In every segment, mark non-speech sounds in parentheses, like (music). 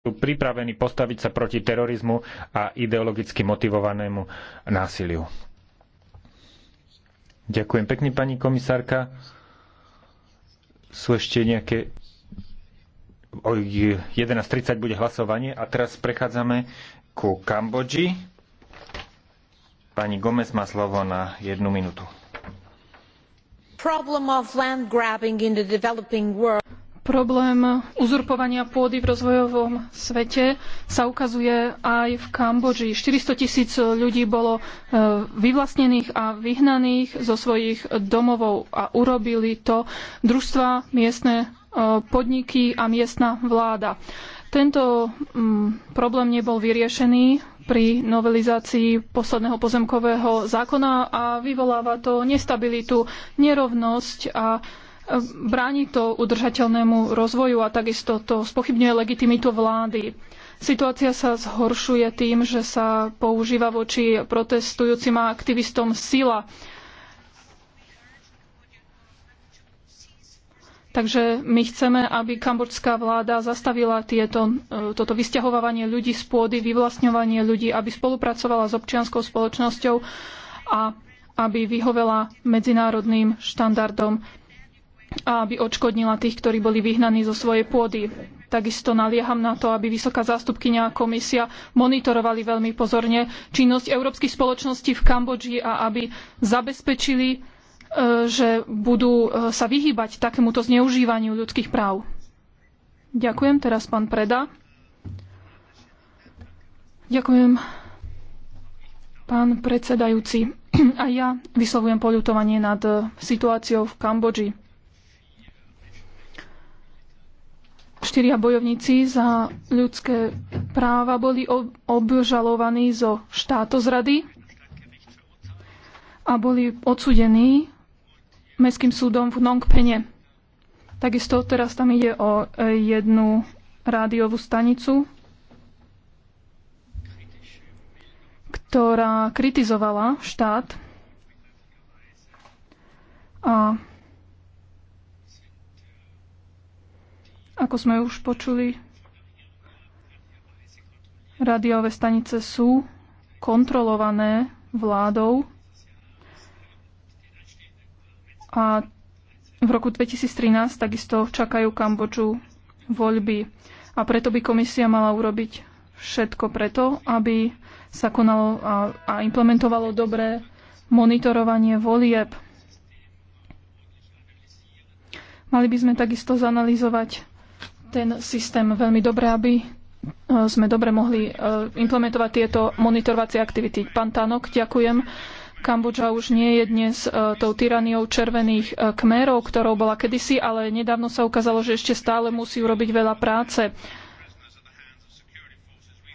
sú pripravení postaviť sa proti terorizmu a ideologicky motivovanému násiliu. Ďakujem pekne, pani komisárka. Sú ešte nejaké... O 11.30 bude hlasovanie a teraz prechádzame ku Kambodži. Pani Gomez má slovo na jednu minútu. Problem of land grabbing in the developing world. Problém uzurpovania pôdy v rozvojovom svete sa ukazuje aj v Kambodži. 400 tisíc ľudí bolo e, vyvlastnených a vyhnaných zo svojich domovov a urobili to družstva, miestne e, podniky a miestna vláda. Tento mm, problém nebol vyriešený pri novelizácii posledného pozemkového zákona a vyvoláva to nestabilitu, nerovnosť a Bráni to udržateľnému rozvoju a takisto to spochybňuje legitimitu vlády. Situácia sa zhoršuje tým, že sa používa voči protestujúcim a aktivistom sila. Takže my chceme, aby Kambodžská vláda zastavila tieto, e, toto vysťahovávanie ľudí z pôdy, vyvlastňovanie ľudí, aby spolupracovala s občianskou spoločnosťou a aby vyhovela medzinárodným štandardom. A aby odškodnila tých, ktorí boli vyhnaní zo svojej pôdy. Takisto nalieham na to, aby vysoká zástupkynia a komisia monitorovali veľmi pozorne činnosť európskych spoločností v Kambodži a aby zabezpečili, e, že budú e, sa vyhýbať takémuto zneužívaniu ľudských práv. Ďakujem teraz pán Preda. Ďakujem pán predsedajúci. (clears throat) A ja vyslovujem poľutovanie nad e, situáciou v Kambodži. štyria bojovníci za ľudské práva boli obžalovaní zo štátozrady a boli odsudení Mestským súdom v Nongpene. Takisto teraz tam ide o e, jednu rádiovú stanicu, ktorá kritizovala štát a Ako sme už počuli, rádiové stanice sú kontrolované vládou a v roku 2013 takisto čakajú Kambodžu voľby. A preto by komisia mala urobiť všetko preto, aby sa konalo a, a implementovalo dobré monitorovanie volieb. Mali by sme takisto zanalizovať ten systém veľmi dobre, aby e, sme dobre mohli e, implementovať tieto monitorovacie aktivity. Pán Tanok, ďakujem. Kambodža už nie je dnes e, tou tyraniou červených kmerov, ktorou bola kedysi, ale nedávno sa ukázalo, že ešte stále musí urobiť veľa práce.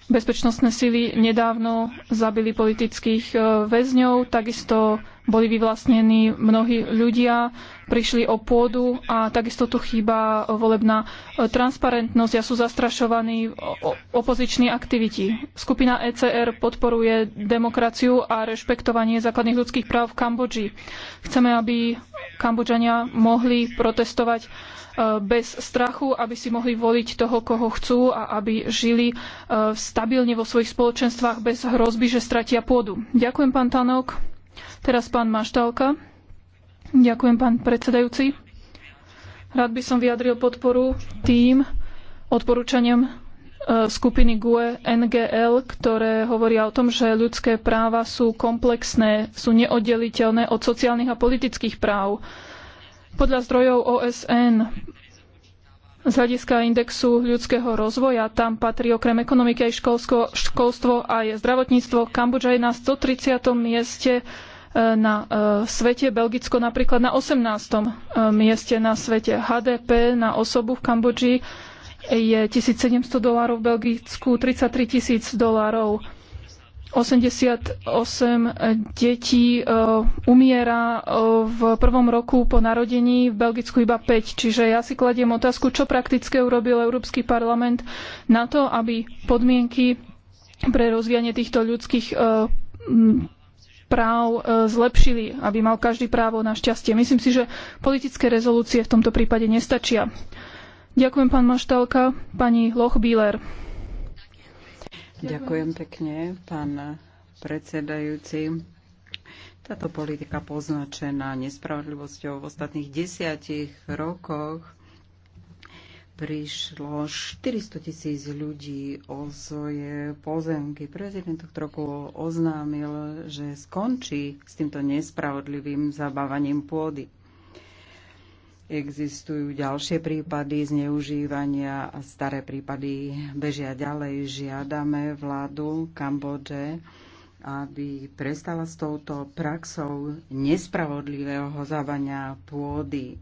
Bezpečnostné sily nedávno zabili politických väzňov, takisto boli vyvlastnení mnohí ľudia, prišli o pôdu a takisto tu chýba volebná e, transparentnosť a sú zastrašovaní opoziční aktiviti. Skupina ECR podporuje demokraciu a rešpektovanie základných ľudských práv v Kambodži. Chceme, aby Kambodžania mohli protestovať e, bez strachu, aby si mohli voliť toho, koho chcú a aby žili e, stabilne vo svojich spoločenstvách bez hrozby, že stratia pôdu. Ďakujem, pán Tanok. Teraz pán Maštálka. Ďakujem, pán predsedajúci. Rád by som vyjadril podporu tým odporúčaniam e, skupiny GUE NGL, ktoré hovoria o tom, že ľudské práva sú komplexné, sú neoddeliteľné od sociálnych a politických práv. Podľa zdrojov OSN z hľadiska indexu ľudského rozvoja. Tam patrí okrem ekonomiky aj školsko, školstvo aj zdravotníctvo. Kambodža je na 130. mieste e, na e, svete, Belgicko napríklad na 18. E, mieste na svete. HDP na osobu v Kambodži je 1700 dolárov, v Belgicku 33 tisíc dolárov. 88 detí e, umiera e, v prvom roku po narodení, v Belgicku iba 5. Čiže ja si kladiem otázku, čo prakticky urobil Európsky parlament na to, aby podmienky pre rozvíjanie týchto ľudských e, práv zlepšili, aby mal každý právo na šťastie. Myslím si, že politické rezolúcie v tomto prípade nestačia. Ďakujem, pán Maštalka. Pani Loch-Bieler. Ďakujem pekne, pán predsedajúci. Táto politika poznačená nespravodlivosťou v ostatných desiatich rokoch prišlo 400 tisíc ľudí o svoje pozemky. Prezident tohto roku oznámil, že skončí s týmto nespravodlivým zabávaním pôdy. Existujú ďalšie prípady zneužívania a staré prípady bežia ďalej. Žiadame vládu Kambodže, aby prestala s touto praxou nespravodlivého hozávania pôdy.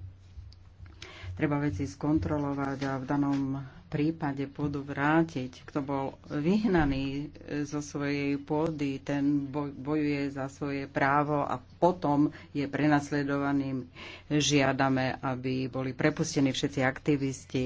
Treba veci skontrolovať a v danom prípade pôdu vrátiť. Kto bol vyhnaný e, zo svojej pôdy, ten bojuje za svoje právo a potom je prenasledovaným. Žiadame, aby boli prepustení všetci aktivisti.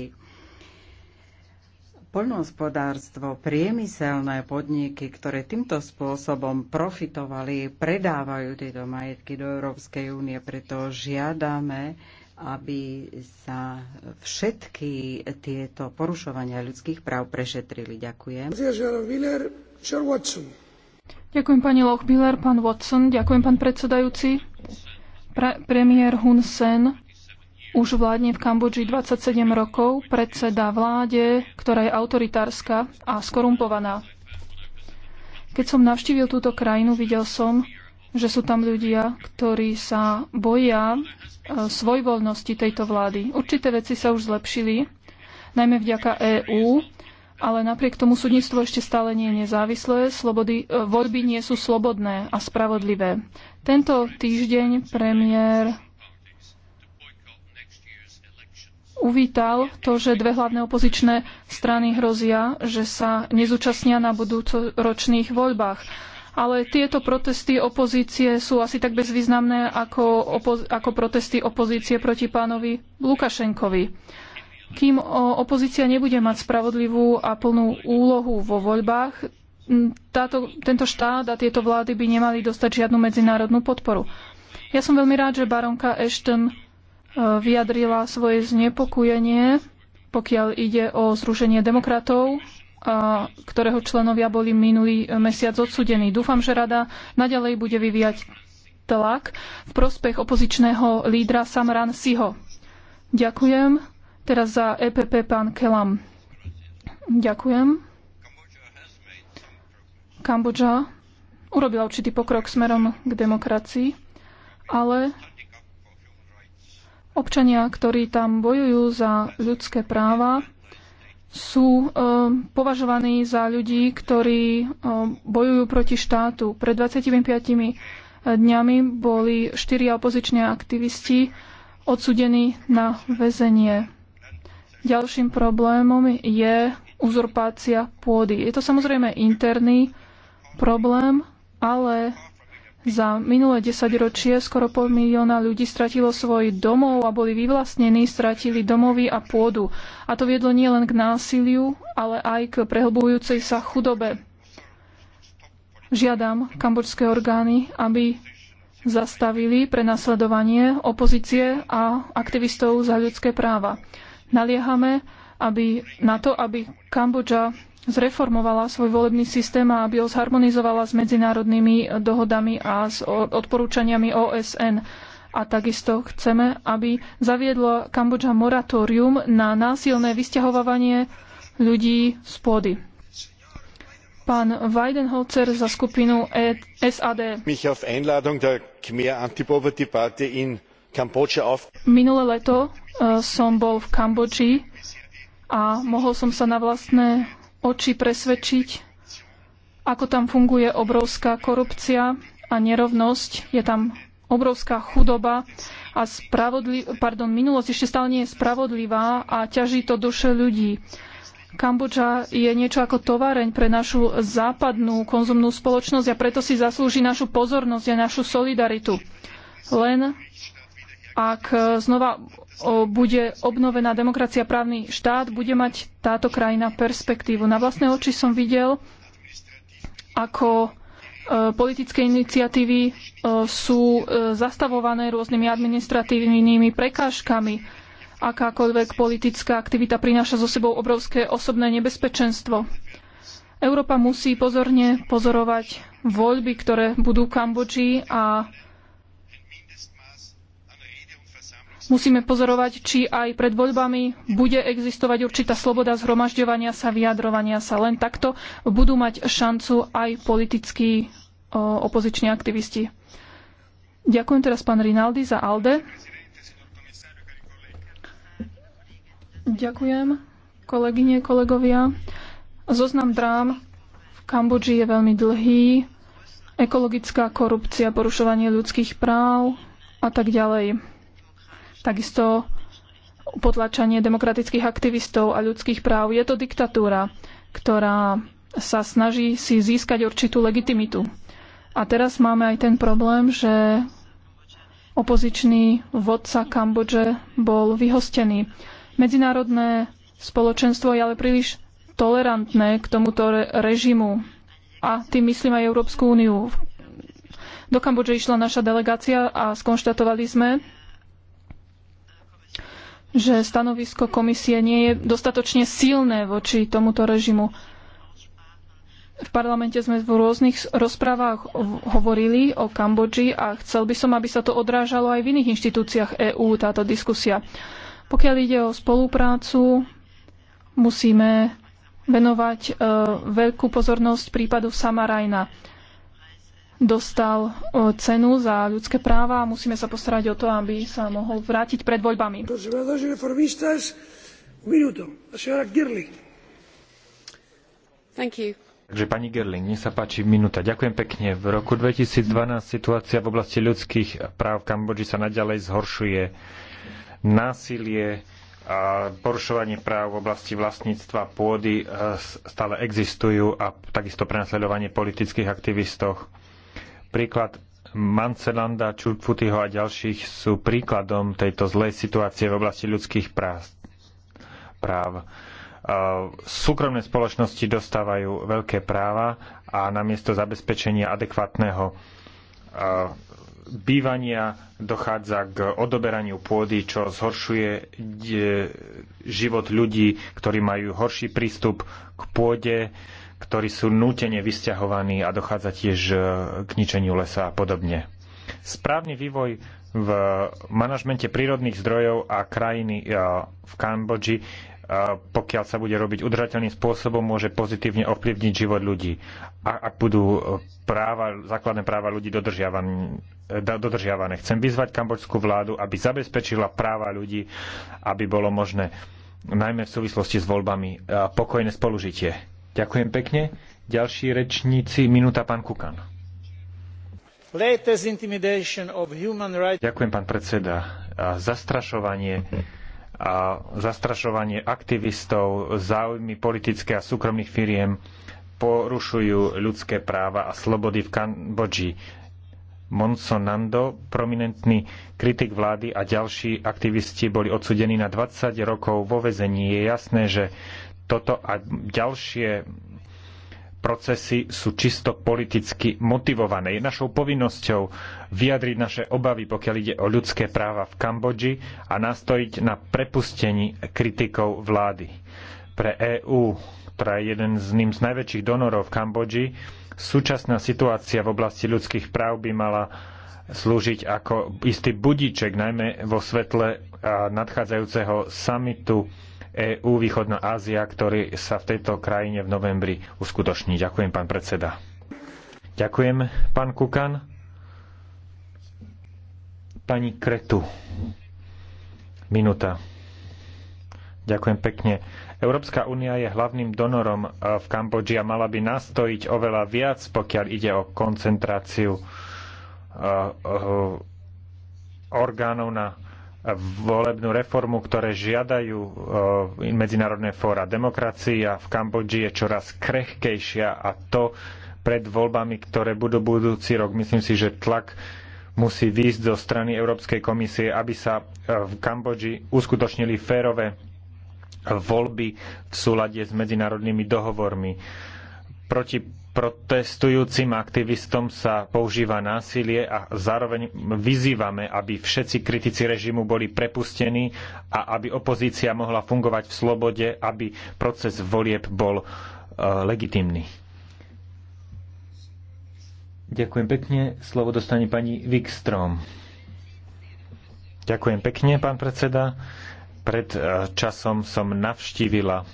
Poľnohospodárstvo, priemyselné podniky, ktoré týmto spôsobom profitovali, predávajú tieto majetky do Európskej únie, preto žiadame, aby sa všetky tieto porušovania ľudských práv prešetrili. Ďakujem. Ďakujem pani Lochbiller, pán Watson, ďakujem pán predsedajúci. Pre- premiér Hun Sen už vládne v Kambodži 27 rokov, predseda vláde, ktorá je autoritárska a skorumpovaná. Keď som navštívil túto krajinu, videl som, že sú tam ľudia, ktorí sa boja e, svojvoľnosti tejto vlády. Určité veci sa už zlepšili, najmä vďaka EÚ, ale napriek tomu súdnictvo ešte stále nie je nezávislé, slobody, e, voľby nie sú slobodné a spravodlivé. Tento týždeň premiér uvítal to, že dve hlavné opozičné strany hrozia, že sa nezúčastnia na budúcoročných voľbách ale tieto protesty opozície sú asi tak bezvýznamné ako, ako protesty opozície proti pánovi Lukašenkovi. Kým opozícia nebude mať spravodlivú a plnú úlohu vo voľbách, táto, tento štát a tieto vlády by nemali dostať žiadnu medzinárodnú podporu. Ja som veľmi rád, že baronka Ashton e, vyjadrila svoje znepokojenie, pokiaľ ide o zrušenie demokratov ktorého členovia boli minulý mesiac odsudení. Dúfam, že rada naďalej bude vyvíjať tlak v prospech opozičného lídra Samran Siho. Ďakujem. Teraz za EPP pán Kelam. Ďakujem. Kambodža urobila určitý pokrok smerom k demokracii, ale občania, ktorí tam bojujú za ľudské práva, sú e, považovaní za ľudí, ktorí e, bojujú proti štátu. Pred 25 dňami boli štyria opoziční aktivisti odsudení na väzenie. Ďalším problémom je uzurpácia pôdy. Je to samozrejme interný problém, ale za minulé desaťročie skoro pol milióna ľudí stratilo svoj domov a boli vyvlastnení, stratili domovy a pôdu. A to viedlo nielen k násiliu, ale aj k prehlbujúcej sa chudobe. Žiadam kambočské orgány, aby zastavili prenasledovanie opozície a aktivistov za ľudské práva. Naliehame aby, na to, aby Kambodža zreformovala svoj volebný systém a aby ho zharmonizovala s medzinárodnými dohodami a s odporúčaniami OSN. A takisto chceme, aby zaviedla Kambodža moratórium na násilné vysťahovávanie ľudí z pôdy. Pán Weidenholzer za skupinu e- SAD. Minulé leto eh, som bol v Kambodži a mohol som sa na vlastné oči presvedčiť, ako tam funguje obrovská korupcia a nerovnosť. Je tam obrovská chudoba a spravodliv- pardon, minulosť ešte stále nie je spravodlivá a ťaží to duše ľudí. Kambodža je niečo ako továreň pre našu západnú konzumnú spoločnosť a preto si zaslúži našu pozornosť a našu solidaritu. Len ak e, znova bude obnovená demokracia, právny štát, bude mať táto krajina perspektívu. Na vlastné oči som videl, ako e, politické iniciatívy e, sú zastavované rôznymi administratívnymi prekážkami. Akákoľvek politická aktivita prináša so sebou obrovské osobné nebezpečenstvo. Európa musí pozorne pozorovať voľby, ktoré budú v Kambodži a Musíme pozorovať, či aj pred voľbami bude existovať určitá sloboda zhromažďovania sa, vyjadrovania sa. Len takto budú mať šancu aj politickí opoziční aktivisti. Ďakujem teraz pán Rinaldi za ALDE. Ďakujem, kolegyne, kolegovia. Zoznam drám v Kambodži je veľmi dlhý. Ekologická korupcia, porušovanie ľudských práv a tak ďalej takisto potlačanie demokratických aktivistov a ľudských práv. Je to diktatúra, ktorá sa snaží si získať určitú legitimitu. A teraz máme aj ten problém, že opozičný vodca Kambodže bol vyhostený. Medzinárodné spoločenstvo je ale príliš tolerantné k tomuto režimu. A tým myslím aj Európsku úniu. Do Kambodže išla naša delegácia a skonštatovali sme, že stanovisko komisie nie je dostatočne silné voči tomuto režimu. V parlamente sme v rôznych rozprávach hovorili o Kambodži a chcel by som, aby sa to odrážalo aj v iných inštitúciách EÚ, táto diskusia. Pokiaľ ide o spoluprácu, musíme venovať e, veľkú pozornosť prípadu Samarajna dostal cenu za ľudské práva a musíme sa postarať o to, aby sa mohol vrátiť pred voľbami. Takže pani Gerling, nech sa páči minúta. Ďakujem pekne. V roku 2012 situácia v oblasti ľudských práv v Kambodži sa naďalej zhoršuje. Násilie, a porušovanie práv v oblasti vlastníctva pôdy eh, stále existujú a takisto prenasledovanie politických aktivistov Príklad Mancelanda, Čurkfutyho a ďalších sú príkladom tejto zlej situácie v oblasti ľudských práv. práv. E, súkromné spoločnosti dostávajú veľké práva a namiesto zabezpečenia adekvátneho e, bývania dochádza k odoberaniu pôdy, čo zhoršuje e, život ľudí, ktorí majú horší prístup k pôde, ktorí sú nútene vysťahovaní a dochádza tiež e, k ničeniu lesa a podobne. Správny vývoj v manažmente prírodných zdrojov a krajiny e, v Kambodži e, pokiaľ sa bude robiť udržateľným spôsobom, môže pozitívne ovplyvniť život ľudí. A ak budú práva, základné práva ľudí dodržiavané. Chcem vyzvať kambočskú vládu, aby zabezpečila práva ľudí, aby bolo možné, najmä v súvislosti s voľbami, pokojné spolužitie. Ďakujem pekne. Ďalší rečníci, minúta pán Kukan. Ďakujem, pán predseda. A zastrašovanie a zastrašovanie aktivistov, záujmy politické a súkromných firiem porušujú ľudské práva a slobody v Kambodži. Monsonando, prominentný kritik vlády a ďalší aktivisti boli odsudení na 20 rokov vo vezení. Je jasné, že toto a ďalšie procesy sú čisto politicky motivované. Je našou povinnosťou vyjadriť naše obavy, pokiaľ ide o ľudské práva v Kambodži a nastojiť na prepustení kritikov vlády. Pre EÚ, ktorá je jeden z ním z najväčších donorov v Kambodži, súčasná situácia v oblasti ľudských práv by mala slúžiť ako istý budíček, najmä vo svetle nadchádzajúceho samitu EÚ Východná Ázia, ktorý sa v tejto krajine v novembri uskutoční. Ďakujem, pán predseda. Ďakujem, pán Kukan. Pani Kretu. Minúta. Ďakujem pekne. Európska únia je hlavným donorom e, v Kambodži a mala by nastojiť oveľa viac, pokiaľ ide o koncentráciu e, e, orgánov na volebnú reformu, ktoré žiadajú eh, medzinárodné fóra. Demokracia v Kambodži je čoraz krehkejšia a to pred voľbami, ktoré budú budúci rok. Myslím si, že tlak musí výjsť zo strany Európskej komisie, aby sa eh, v Kambodži uskutočnili férové voľby v súlade s medzinárodnými dohovormi. Proti protestujúcim aktivistom sa používa násilie a zároveň vyzývame, aby všetci kritici režimu boli prepustení a aby opozícia mohla fungovať v slobode, aby proces volieb bol e, legitimný. Ďakujem pekne. Slovo dostane pani Wikström. Ďakujem pekne, pán predseda. Pred e, časom som navštívila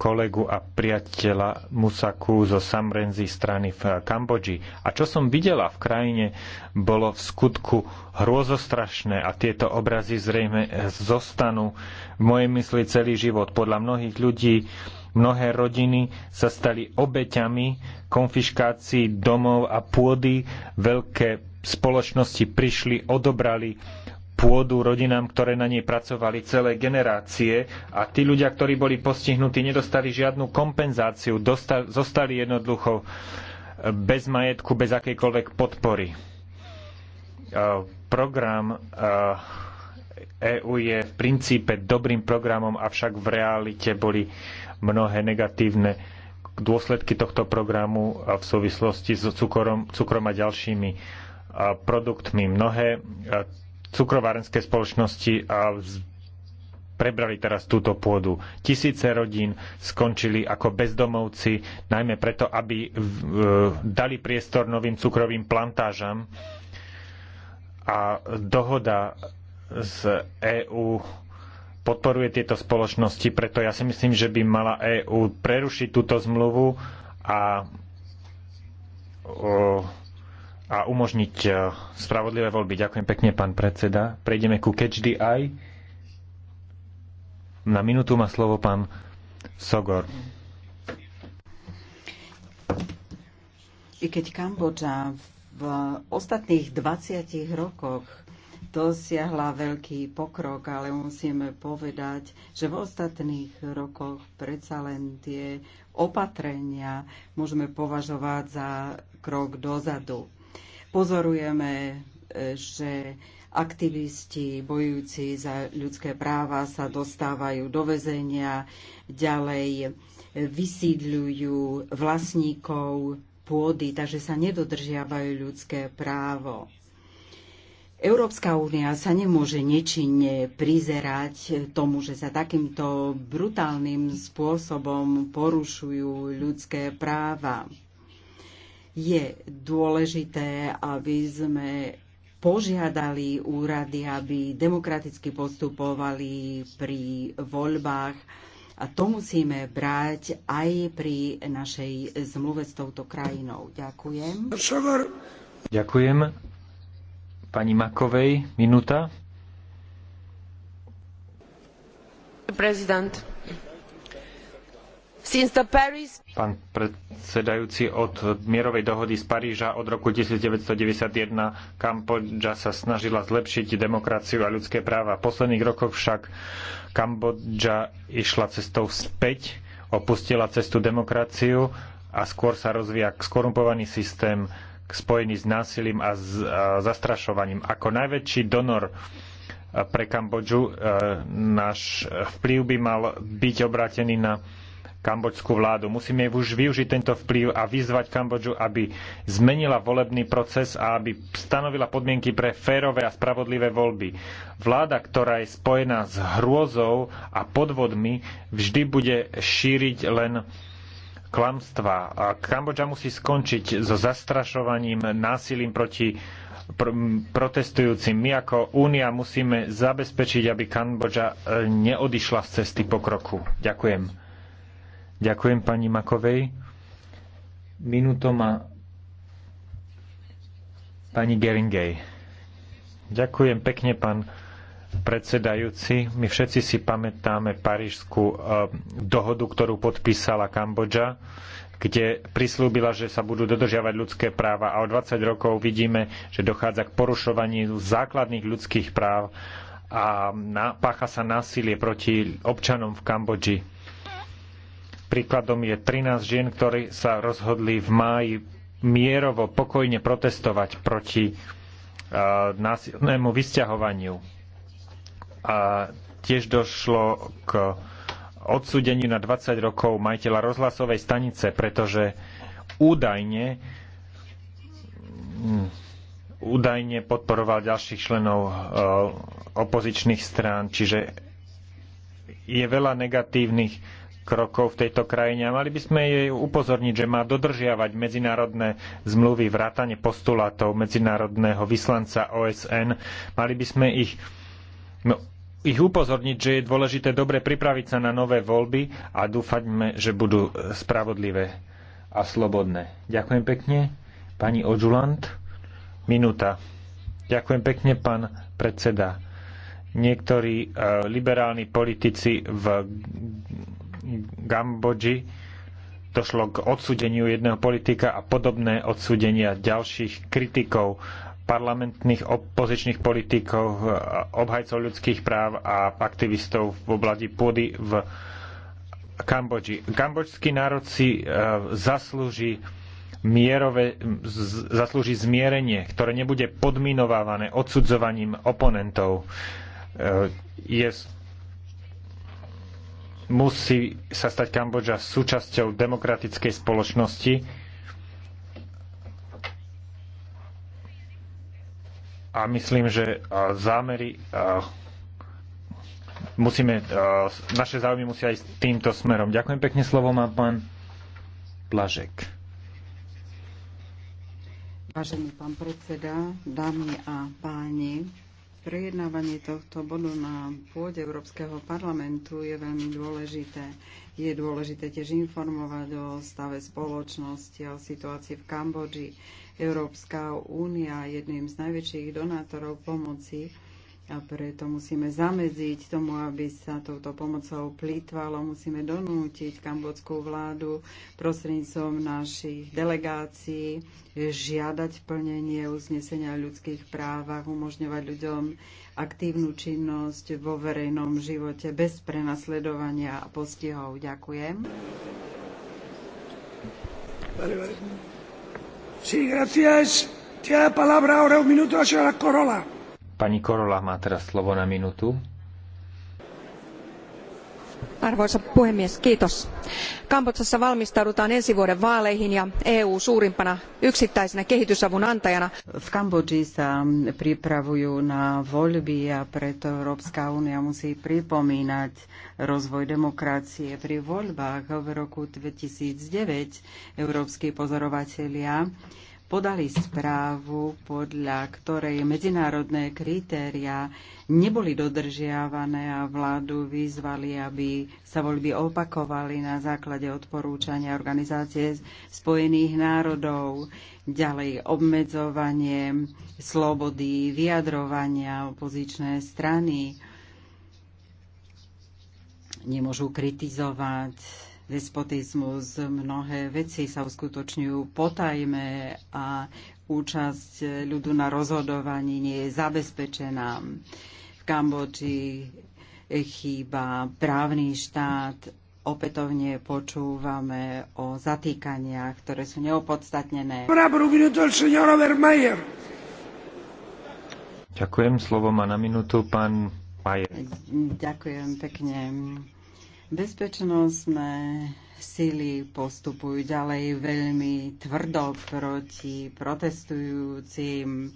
kolegu a priateľa Musaku zo Samrenzi strany v Kambodži. A čo som videla v krajine, bolo v skutku hrôzostrašné a tieto obrazy zrejme zostanú v mojej mysli celý život. Podľa mnohých ľudí mnohé rodiny sa stali obeťami konfiškácií domov a pôdy, veľké spoločnosti prišli, odobrali pôdu rodinám, ktoré na nej pracovali celé generácie a tí ľudia, ktorí boli postihnutí, nedostali žiadnu kompenzáciu, dostali, zostali jednoducho e, bez majetku, bez akejkoľvek podpory. E, program EU e je v princípe dobrým programom, avšak v realite boli mnohé negatívne dôsledky tohto programu v súvislosti s cukrom, cukrom a ďalšími produktmi. Mnohé cukrovárenské spoločnosti a prebrali teraz túto pôdu. Tisíce rodín skončili ako bezdomovci, najmä preto, aby dali priestor novým cukrovým plantážam. A dohoda z EÚ podporuje tieto spoločnosti, preto ja si myslím, že by mala EÚ prerušiť túto zmluvu a a umožniť e, spravodlivé voľby. Ďakujem pekne, pán predseda. Prejdeme ku Catch the Eye. Na minútu má slovo pán Sogor. I keď Kambodža v ostatných 20 rokoch dosiahla veľký pokrok, ale musíme povedať, že v ostatných rokoch predsa len tie opatrenia môžeme považovať za krok dozadu Pozorujeme, e, že aktivisti bojujúci za ľudské práva sa dostávajú do väzenia, ďalej vysídľujú vlastníkov pôdy, takže sa nedodržiavajú ľudské právo. Európska únia sa nemôže nečinne prizerať tomu, že sa takýmto brutálnym spôsobom porušujú ľudské práva. Je dôležité, aby sme požiadali úrady, aby demokraticky postupovali pri voľbách. A to musíme brať aj pri našej zmluve s touto krajinou. Ďakujem. Ďakujem. Pani Makovej, minúta. Prezident. Pán predsedajúci, od mierovej dohody z Paríža od roku 1991 Kambodža sa snažila zlepšiť demokraciu a ľudské práva. V posledných rokoch však Kambodža išla cestou späť, opustila cestu demokraciu a skôr sa rozvíja skorumpovaný systém spojený s násilím a, s, a zastrašovaním. Ako najväčší donor e, pre Kambodžu e, náš vplyv by mal byť obrátený na Kambodžskú vládu. Musíme už využiť tento vplyv a vyzvať Kambodžu, aby zmenila volebný proces a aby stanovila podmienky pre férové a spravodlivé voľby. Vláda, ktorá je spojená s hrôzou a podvodmi, vždy bude šíriť len klamstva. Kambodža musí skončiť so zastrašovaním, násilím proti protestujúcim. My ako Únia musíme zabezpečiť, aby Kambodža e, neodišla z cesty pokroku. Ďakujem. Ďakujem pani Makovej. Minúto má pani Geringej. Ďakujem pekne, pán predsedajúci. My všetci si pamätáme parížskú eh, dohodu, ktorú podpísala Kambodža, kde prislúbila, že sa budú dodržiavať ľudské práva a o 20 rokov vidíme, že dochádza k porušovaniu základných ľudských práv a pácha sa násilie proti občanom v Kambodži Príkladom je 13 žien, ktorí sa rozhodli v máji mierovo, pokojne protestovať proti uh, násilnému vysťahovaniu. A tiež došlo k odsúdeniu na 20 rokov majiteľa rozhlasovej stanice, pretože údajne mm, údajne podporoval ďalších členov uh, opozičných strán, čiže je veľa negatívnych krokov v tejto krajine a mali by sme jej upozorniť, že má dodržiavať medzinárodné zmluvy, vrátane postulátov medzinárodného vyslanca OSN. Mali by sme ich, no, ich upozorniť, že je dôležité dobre pripraviť sa na nové voľby a dúfaťme, že budú e, spravodlivé a slobodné. Ďakujem pekne. Pani Odžulant, minúta. Ďakujem pekne, pán predseda. Niektorí uh, liberálni politici v Gambodži došlo k odsúdeniu jedného politika a podobné odsúdenia ďalších kritikov parlamentných opozičných politikov, obhajcov ľudských práv a aktivistov v oblasti pôdy v Kambodži. Kambodžský národ si e, zaslúži mierové, zaslúži zmierenie, ktoré nebude podminovávané odsudzovaním oponentov. E, je Musí sa stať Kambodža súčasťou demokratickej spoločnosti a myslím, že zámery musíme, naše záujmy musia ísť týmto smerom. Ďakujem pekne slovo má pán Blažek. Vážený pán predseda, dámy a páni, Prejednávanie tohto bodu na pôde Európskeho parlamentu je veľmi dôležité. Je dôležité tiež informovať o stave spoločnosti a o situácii v Kambodži. Európska únia jedným z najväčších donátorov pomoci a preto musíme zamedziť tomu, aby sa touto pomocou plýtvalo. Musíme donútiť kambodskú vládu prostredníctvom našich delegácií žiadať plnenie uznesenia ľudských právach, umožňovať ľuďom aktívnu činnosť vo verejnom živote bez prenasledovania a postihov. Ďakujem. Vale, vale. Sí, gracias. Tiene la palabra ahora un minuto la señora Corolla. Pani Korola má teraz slovo na minútu. Arvoisa puhemies, kiitos. Kambodsassa valmistaudutaan ensi vuoden vaaleihin ja EU suurimpana yksittäisenä kehitysavun antajana. V Kambodži sa pripravujú na voľby a preto Európska únia musí pripomínať rozvoj demokracie. Pri voľbách v roku 2009 európsky pozorovatelia podali správu, podľa ktorej medzinárodné kritéria neboli dodržiavané a vládu vyzvali, aby sa voľby opakovali na základe odporúčania Organizácie spojených národov, ďalej obmedzovanie slobody vyjadrovania opozičné strany nemôžu kritizovať despotizmus. Mnohé veci sa uskutočňujú potajme a účasť ľudu na rozhodovaní nie je zabezpečená. V Kambodži chýba právny štát, opätovne počúvame o zatýkaniach, ktoré sú neopodstatnené. Ďakujem, slovo má na minútu pán Majer. Ďakujem pekne. Bezpečnostné sily postupujú ďalej veľmi tvrdo proti protestujúcim.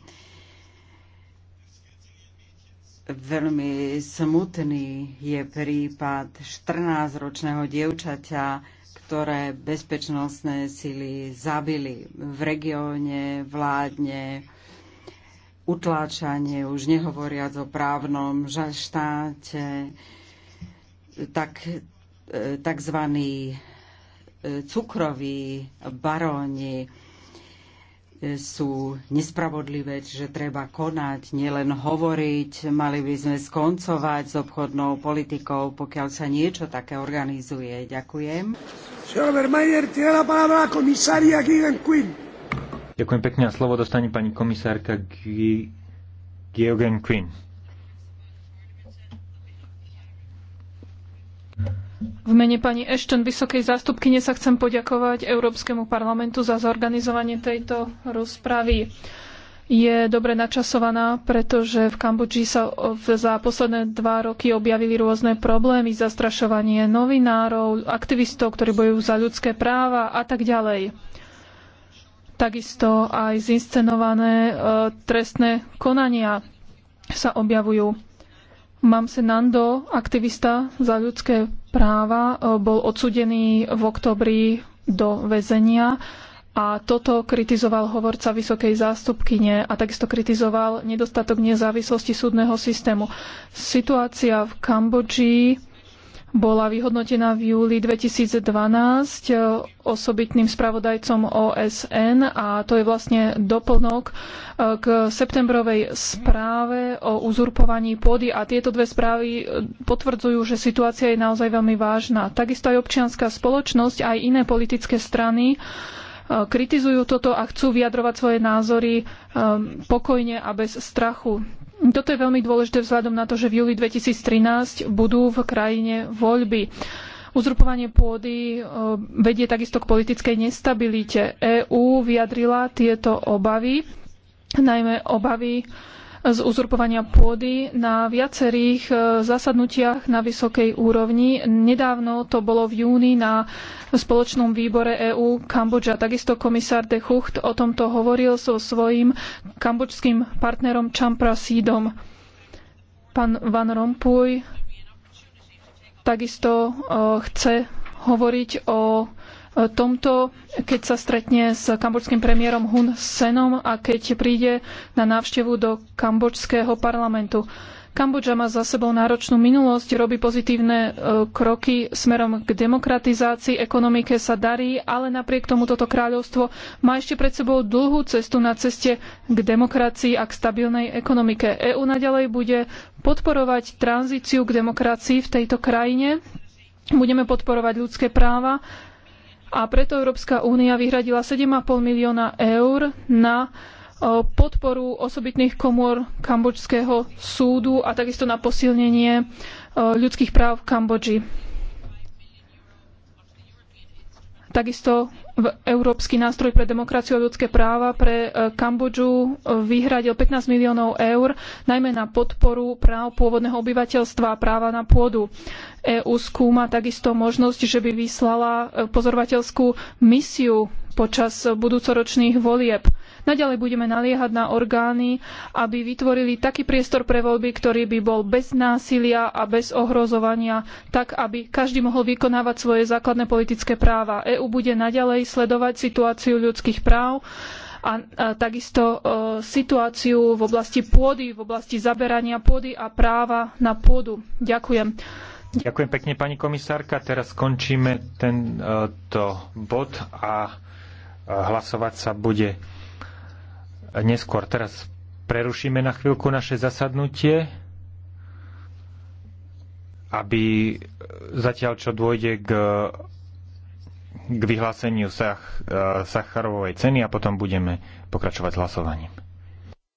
Veľmi smutný je prípad 14-ročného dievčaťa, ktoré bezpečnostné sily zabili. V regióne vládne utláčanie, už nehovoriac o právnom štáte tak, e, takzvaní e, cukroví baróni e, sú nespravodlivé, že treba konať, nielen hovoriť. Mali by sme skoncovať s obchodnou politikou, pokiaľ sa niečo také organizuje. Ďakujem. Ďakujem pekne a slovo dostane pani komisárka Georgen Quinn. V mene pani Ashton, vysokej zástupkyne, sa chcem poďakovať Európskemu parlamentu za zorganizovanie tejto rozpravy. Je dobre načasovaná, pretože v Kambodži sa za posledné dva roky objavili rôzne problémy, zastrašovanie novinárov, aktivistov, ktorí bojujú za ľudské práva a tak ďalej takisto aj zinscenované e, trestné konania sa objavujú. Mamse Nando, aktivista za ľudské práva, e, bol odsudený v oktobri do väzenia a toto kritizoval hovorca vysokej zástupkyne a takisto kritizoval nedostatok nezávislosti súdneho systému. Situácia v Kambodži bola vyhodnotená v júli 2012 e, osobitným spravodajcom OSN a to je vlastne doplnok e, k septembrovej správe o uzurpovaní pôdy a tieto dve správy e, potvrdzujú, že situácia je naozaj veľmi vážna. Takisto aj občianská spoločnosť, aj iné politické strany kritizujú toto a chcú vyjadrovať svoje názory pokojne a bez strachu. Toto je veľmi dôležité vzhľadom na to, že v júli 2013 budú v krajine voľby. Uzurpovanie pôdy e, vedie takisto k politickej nestabilite. EÚ vyjadrila tieto obavy, najmä obavy z uzurpovania pôdy na viacerých e, zasadnutiach na vysokej úrovni. Nedávno to bolo v júni na spoločnom výbore EÚ Kambodža. Takisto komisár De Chucht o tomto hovoril so svojím kambodžským partnerom Champrasídom. Pán Van Rompuy takisto e, chce hovoriť o tomto, keď sa stretne s kambočským premiérom Hun Senom a keď príde na návštevu do kambočského parlamentu. Kambodža má za sebou náročnú minulosť, robí pozitívne e, kroky smerom k demokratizácii, ekonomike sa darí, ale napriek tomu toto kráľovstvo má ešte pred sebou dlhú cestu na ceste k demokracii a k stabilnej ekonomike. EÚ naďalej bude podporovať tranzíciu k demokracii v tejto krajine, budeme podporovať ľudské práva, a preto Európska únia vyhradila 7,5 milióna eur na podporu osobitných komôr Kambodžského súdu a takisto na posilnenie ľudských práv v Kambodži. Takisto Európsky nástroj pre demokraciu a ľudské práva pre e, Kambodžu e, vyhradil 15 miliónov eur, najmä na podporu práv pôvodného obyvateľstva a práva na pôdu. EÚ skúma takisto možnosť, že by vyslala e, pozorovateľskú misiu počas budúcoročných volieb. Naďalej budeme naliehať na orgány, aby vytvorili taký priestor pre voľby, ktorý by bol bez násilia a bez ohrozovania, tak aby každý mohol vykonávať svoje základné politické práva. EÚ bude naďalej sledovať situáciu ľudských práv a, a takisto e, situáciu v oblasti pôdy, v oblasti zaberania pôdy a práva na pôdu. Ďakujem. Ďakujem pekne, pani komisárka. Teraz skončíme tento bod a Hlasovať sa bude neskôr. Teraz prerušíme na chvíľku naše zasadnutie, aby zatiaľ, čo dôjde k, k vyhláseniu Sach, Sacharovej ceny a potom budeme pokračovať s hlasovaním.